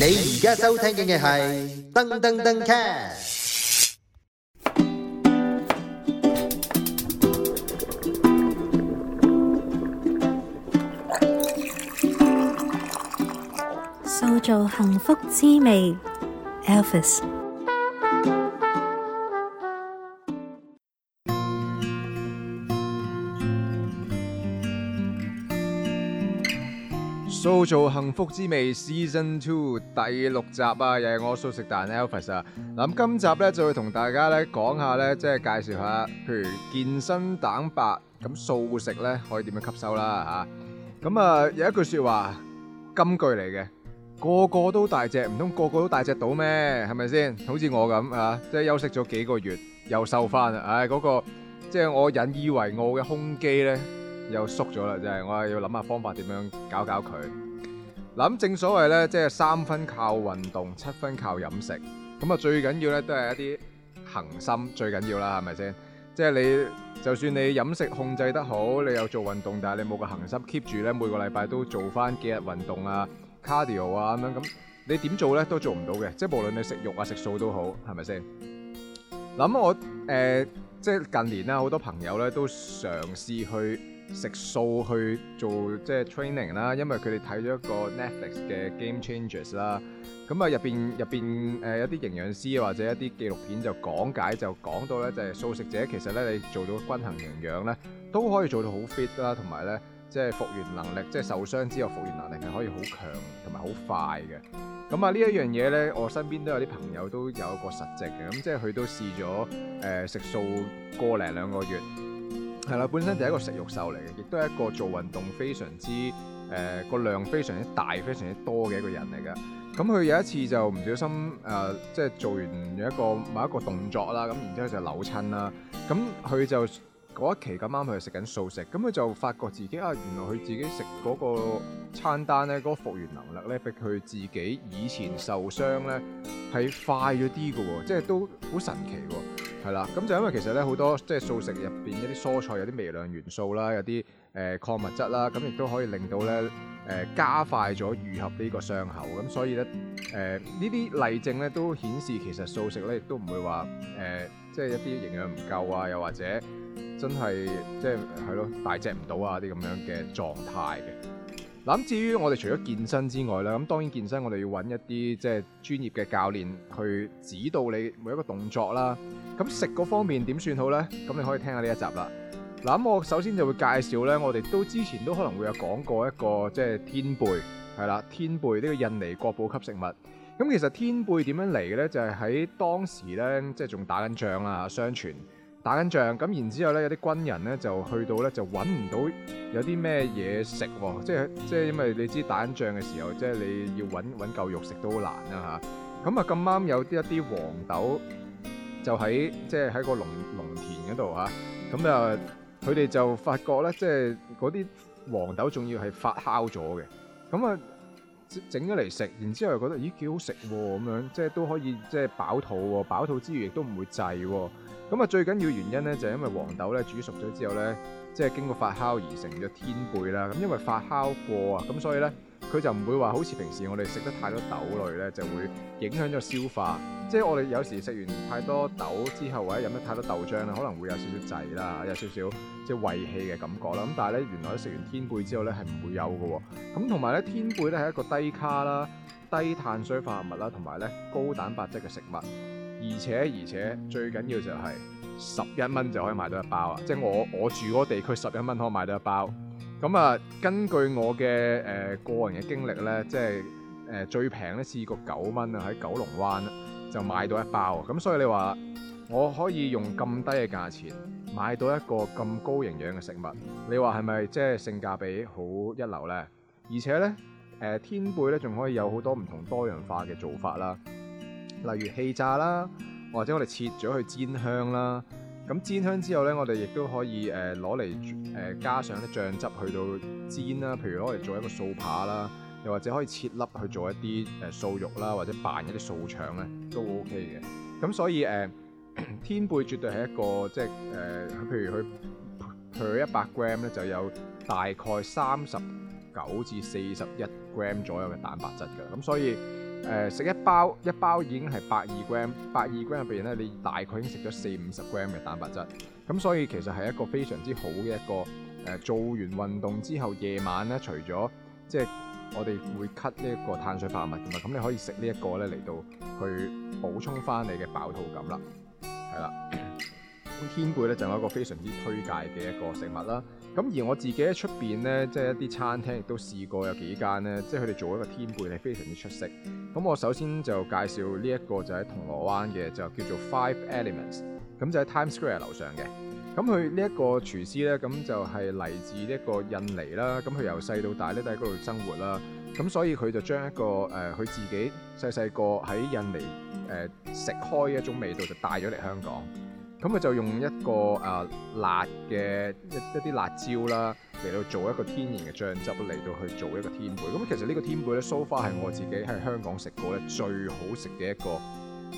你而家收聽嘅係噔噔噔 cast，塑造幸福滋味，Elvis。都做幸福之味 Season Two 第六集啊，又係我素食達人 Elvis 啊。咁今集咧就會同大家咧講下咧，即係介紹下，譬如健身蛋白咁素食咧可以點樣吸收啦吓。咁啊有一句說話金句嚟嘅，個個都大隻，唔通個個都大隻到咩？係咪先？好似我咁啊，即係休息咗幾個月又瘦翻啊。唉，嗰個即係我引以為傲嘅胸肌咧。又縮咗啦，就係我係要諗下方法點樣搞搞佢。嗱，正所謂咧，即係三分靠運動，七分靠飲食。咁啊，最緊要咧都係一啲恒心最緊要啦，係咪先？即係你就算你飲食控制得好，你有做運動，但係你冇個恒心 keep 住咧，每個禮拜都做翻幾日運動啊、cardio 啊咁樣咁，你點做咧都做唔到嘅。即係無論你食肉啊、食素都好，係咪先？嗱，我誒即係近年啦，好多朋友咧都嘗試去，食素去做即係 training 啦，因為佢哋睇咗一個 Netflix 嘅 Game Changers 啦，咁啊入邊入邊誒有啲營養師或者一啲紀錄片就講解，就講到咧就係素食者其實咧你做到均衡營養咧都可以做到好 fit 啦，同埋咧即係復原能力，即係受傷之後復原能力係可以好強同埋好快嘅。咁啊呢一樣嘢咧，我身邊都有啲朋友都有一個實證嘅，咁即係佢都試咗誒食素個零兩個月。係啦，本身就係一個食肉獸嚟嘅，亦都係一個做運動非常之誒個、呃、量非常之大、非常之多嘅一個人嚟嘅。咁佢有一次就唔小心誒、呃，即係做完一個某一個動作啦，咁然之後就扭親啦。咁佢就嗰一期咁啱佢就食緊素食，咁佢就發覺自己啊，原來佢自己食嗰個餐單咧，嗰、嗰個復原能力咧，比佢自己以前受傷咧係快咗啲嘅喎，即係都好神奇喎。係啦，咁就因為其實咧好多即係、就是、素食入邊一啲蔬菜有啲微量元素啦，有啲誒、呃、礦物質啦，咁亦都可以令到咧誒、呃、加快咗愈合呢個傷口，咁所以咧誒呢啲、呃、例證咧都顯示其實素食咧亦都唔會話誒即係一啲營養唔夠啊，又或者真係即係係咯大隻唔到啊啲咁樣嘅狀態嘅。至於我哋除咗健身之外咧，咁當然健身我哋要揾一啲即係專業嘅教練去指導你每一個動作啦。咁食嗰方面點算好呢？咁你可以聽下呢一集啦。嗱，我首先就會介紹呢，我哋都之前都可能會有講過一個即係天貝，係啦，天貝呢個印尼國寶級食物。咁其實天貝點樣嚟嘅呢？就係喺當時呢，即係仲打緊仗啊，相傳。打緊仗咁，然之後咧有啲軍人咧就去到咧就揾唔到有啲咩嘢食喎，即係即係因為你知打緊仗嘅時候，即係你要揾揾嚿肉食都難、啊、好難啦吓，咁啊咁啱有啲一啲黃豆就喺即係喺個農農田嗰度嚇，咁啊佢哋就發覺咧，即係嗰啲黃豆仲要係發酵咗嘅，咁啊～整咗嚟食，然之後又覺得咦，幾好食喎，咁樣即係都可以即係飽肚喎，飽肚之餘亦都唔會滯喎。咁啊最緊要原因呢，就係因為黃豆咧煮熟咗之後呢，即係經過發酵而成咗天貝啦。咁因為發酵過啊，咁所以呢。佢就唔會話好似平時我哋食得太多豆類呢，就會影響咗消化。即係我哋有時食完太多豆之後，或者飲得太多豆漿咧，可能會有少少滯啦，有少少即係胃氣嘅感覺啦。咁但係呢，原來食完天貝之後呢，係唔會有嘅。咁同埋呢，天貝呢係一個低卡啦、低碳水化合物啦，同埋呢高蛋白質嘅食物。而且而且最緊要就係十一蚊就可以買到一包啊！即係我我住嗰地區十一蚊可以買到一包。咁啊，根據我嘅誒、呃、個人嘅經歷咧，即係誒、呃、最平咧試過九蚊啊，喺九龍灣就買到一包。咁所以你話我可以用咁低嘅價錢買到一個咁高營養嘅食物，你話係咪即係性價比好一流呢？而且咧誒、呃、天貝咧仲可以有好多唔同多元化嘅做法啦，例如氣炸啦，或者我哋切咗去煎香啦。咁煎香之後咧，我哋亦都可以誒攞嚟誒加上啲醬汁去到煎啦，譬如攞嚟做一個素扒啦，又或者可以切粒去做一啲誒素肉啦，或者扮一啲素腸咧，都 O K 嘅。咁所以誒、呃，天貝絕對係一個即係誒、呃，譬如佢佢一百 gram 咧就有大概三十九至四十一 gram 左右嘅蛋白質㗎。咁所以誒食、呃、一包一包已經係百二 gram，百二 gram 入邊咧，你大概已經食咗四五十 gram 嘅蛋白質，咁所以其實係一個非常之好嘅一個誒、呃，做完運動之後夜晚咧，除咗即係我哋會 cut 呢一個碳水化合物嘅嘛，咁你可以食呢一個咧嚟到去補充翻你嘅飽肚感啦，係啦。天貝咧就有一個非常之推介嘅一個食物啦。咁而我自己喺出邊咧，即係一啲餐廳亦都試過有幾間咧，即係佢哋做一個天貝係非常之出色。咁我首先就介紹呢一個就喺銅鑼灣嘅，就叫做 Five Elements。咁就喺 Times Square 樓上嘅。咁佢呢一個廚師咧，咁就係嚟自呢一個印尼啦。咁佢由細到大咧都喺嗰度生活啦。咁所以佢就將一個誒，佢、呃、自己細細個喺印尼誒食、呃、開一種味道就帶咗嚟香港。咁佢就用一個誒、uh, 辣嘅一一啲辣椒啦，嚟到做一個天然嘅醬汁，嚟到去做一個天貝。咁其實呢個天貝咧，so far 係我自己喺香港食過咧最好食嘅一個誒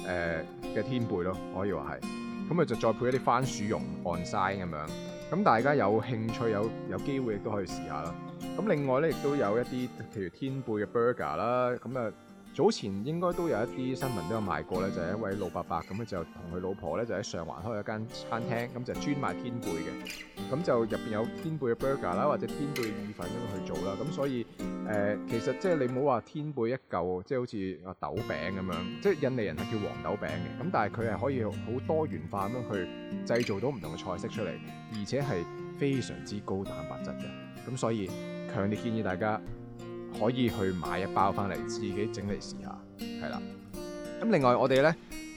嘅、呃、天貝咯，可以話係。咁咪就再配一啲番薯蓉 on site 咁樣。咁大家有興趣有有機會亦都可以試下啦。咁另外咧亦都有一啲譬如天貝嘅 burger 啦，咁啊～早前應該都有一啲新聞都有賣過咧，就係一位老伯伯咁啊，就同佢老婆咧就喺上環開一間餐廳，咁就專賣天貝嘅。咁就入邊有天貝嘅 burger 啦，或者天貝意粉咁樣去做啦。咁所以誒，其實即係你唔好話天貝一嚿，即係好似啊豆餅咁樣，即係印尼人係叫黃豆餅嘅。咁但係佢係可以好多元化咁樣去製造到唔同嘅菜式出嚟，而且係非常之高蛋白質嘅。咁所以強烈建議大家。可以去買一包翻嚟自己整嚟試下，係啦。咁另外我哋咧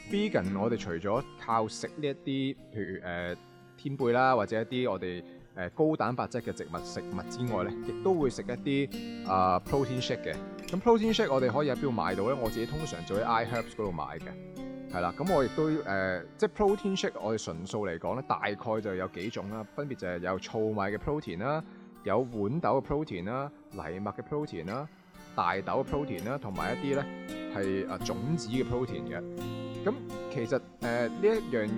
，Vegan，我哋除咗靠食呢一啲，譬如誒、呃、天貝啦，或者一啲我哋誒、呃、高蛋白質嘅植物食物之外咧，亦都會食一啲啊 protein shake 嘅。咁、呃、protein shake Prote 我哋可以喺邊度買到咧？我自己通常就喺 iHerbs 嗰度買嘅，係啦。咁我亦都誒、呃，即係 protein shake 我哋純素嚟講咧，大概就有幾種啦、啊，分別就係有糙米嘅 protein 啦。有豌豆嘅 protein 啦、啊、藜麥嘅 protein 啦、啊、大豆嘅 protein 啦、啊，同埋一啲咧係誒種子嘅 protein 嘅。咁其實誒呢、呃、一樣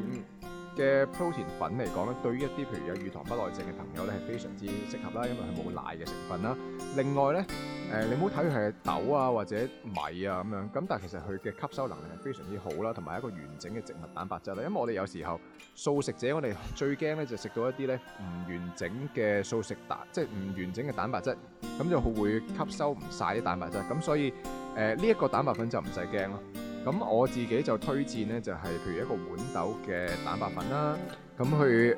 嘅 protein 粉嚟講咧，對於一啲譬如有乳糖不耐症嘅朋友咧，係非常之適合啦，因為佢冇奶嘅成分啦。另外咧，誒、呃、你唔好睇佢係豆啊或者米啊咁樣，咁但係其實佢嘅吸收能力係非常之好啦，同埋一個完整嘅植物蛋白質啦。因為我哋有時候素食者，我哋最驚咧就食到一啲咧唔完整嘅素食蛋，即係唔完整嘅蛋白質，咁就會吸收唔晒啲蛋白質。咁所以誒呢一個蛋白粉就唔使驚咯。咁我自己就推薦呢，就係、是、譬如一個豌豆嘅蛋白粉啦。咁佢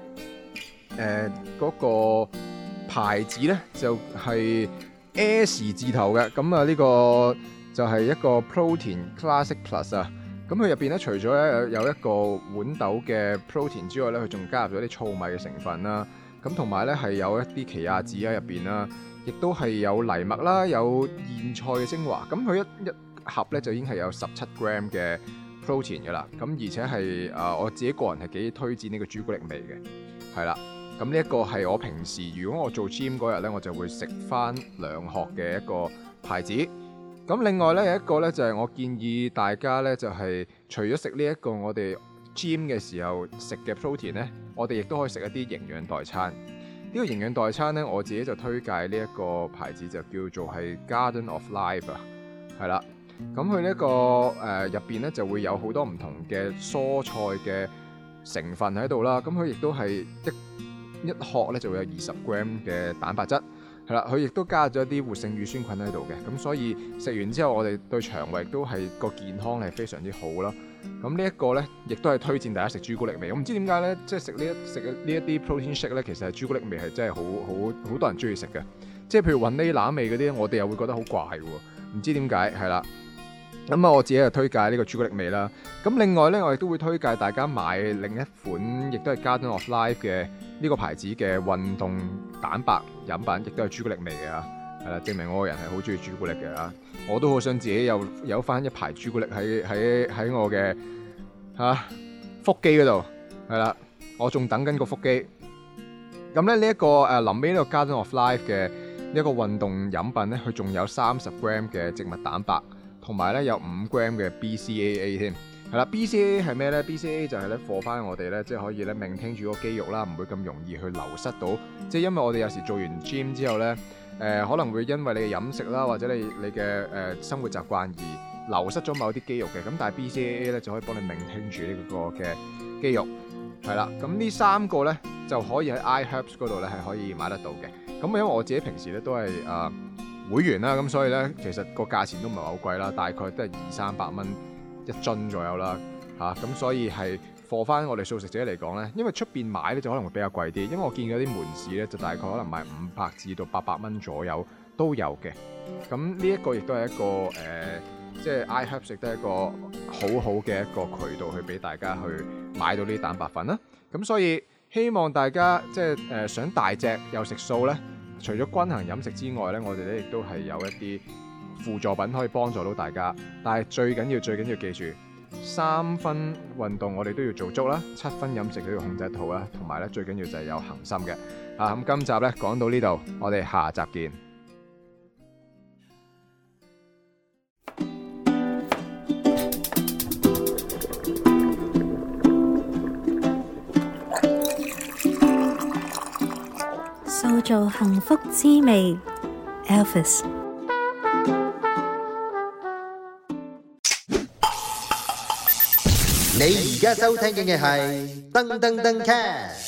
誒嗰個牌子呢，就係、是、S 字頭嘅。咁啊，呢個就係一個 Protein Classic Plus 啊。咁佢入邊呢，除咗有一個豌豆嘅 protein 之外呢，佢仲加入咗啲糙米嘅成分啦、啊。咁同埋呢，係有一啲奇亞籽喺入邊啦，亦都係有藜麥啦，有燕菜嘅精華。咁佢一一。一盒咧就已經係有十七 gram 嘅 protein 嘅啦，咁而且係誒、呃、我自己個人係幾推薦呢個朱古力味嘅，係啦，咁呢一個係我平時如果我做 gym 嗰日咧，我就會食翻兩盒嘅一個牌子。咁另外咧有一個咧就係、係、我建議大家咧就係、係、除咗食呢一個我哋 gym 嘅時候食嘅 protein 咧，我哋亦都可以食一啲營養代餐。呢、呢個營養代餐咧，我自己就推介呢一個牌子就叫做係 Garden of Life 啊，係啦。咁佢、這個呃、呢個誒入邊咧就會有好多唔同嘅蔬菜嘅成分喺度啦，咁佢亦都係一一殼咧就會有二十 gram 嘅蛋白質，係啦，佢亦都加咗啲活性乳酸菌喺度嘅，咁所以食完之後我哋對腸胃都係個健康係非常之好啦。咁呢一個咧亦都係推薦大家食朱古力味，咁唔知點解咧，即係食呢一食呢一啲 protein shake 咧，其實係朱古力味係真係好好好，好多人中意食嘅，即係譬如雲呢拿味嗰啲，我哋又會覺得好怪喎，唔知點解係啦。咁啊，我自己就推介呢個朱古力味啦。咁另外呢，我亦都會推介大家買另一款，亦都係 Garden of Life 嘅呢、這個牌子嘅運動蛋白飲品，亦都係朱古力味嘅啊。係啦，證明我個人係好中意朱古力嘅啊。我都好想自己有有返一排朱古力喺喺喺我嘅嚇、啊、腹肌嗰度係啦。我仲等緊個腹肌咁咧。呢一、這個誒臨尾呢個 Garden of Life 嘅、這個、呢一個運動飲品咧，佢仲有三十 gram 嘅植物蛋白。同埋咧有五 gram 嘅 BCAA 添，係啦，BCAA 係咩咧？BCAA 就係咧，課翻我哋咧，即係可以咧，maintain 住個肌肉啦，唔會咁容易去流失到。即係因為我哋有時做完 gym 之後咧，誒、呃，可能會因為你嘅飲食啦，或者你你嘅誒生活習慣而流失咗某啲肌肉嘅。咁但係 BCAA 咧就可以幫你 maintain 住呢個嘅肌肉。係啦，咁呢三個咧就可以喺 iHerbs 嗰度咧係可以買得到嘅。咁因為我自己平時咧都係誒。呃會員啦，咁所以呢，其實個價錢都唔係好貴啦，大概都係二三百蚊一樽左右啦，嚇、啊，咁所以係貨翻我哋素食者嚟講呢，因為出邊買呢就可能會比較貴啲，因為我見到啲門市呢，就大概可能賣五百至到八百蚊左右都有嘅，咁呢一個亦都係一個誒，即係 iHerb 食得一個好好嘅一個渠道去俾大家去買到呢啲蛋白粉啦，咁所以希望大家即係、呃、想大隻又食素呢。除咗均衡飲食之外呢，我哋呢亦都係有一啲輔助品可以幫助到大家。但係最緊要、最緊要記住，三分運動我哋都要做足啦，七分飲食都要控制肚啦，同埋呢，最緊要就係有恒心嘅。啊，咁今集呢，講到呢度，我哋下集見。做幸福滋味，Elvis。你而家收聽嘅係燈登登 cast。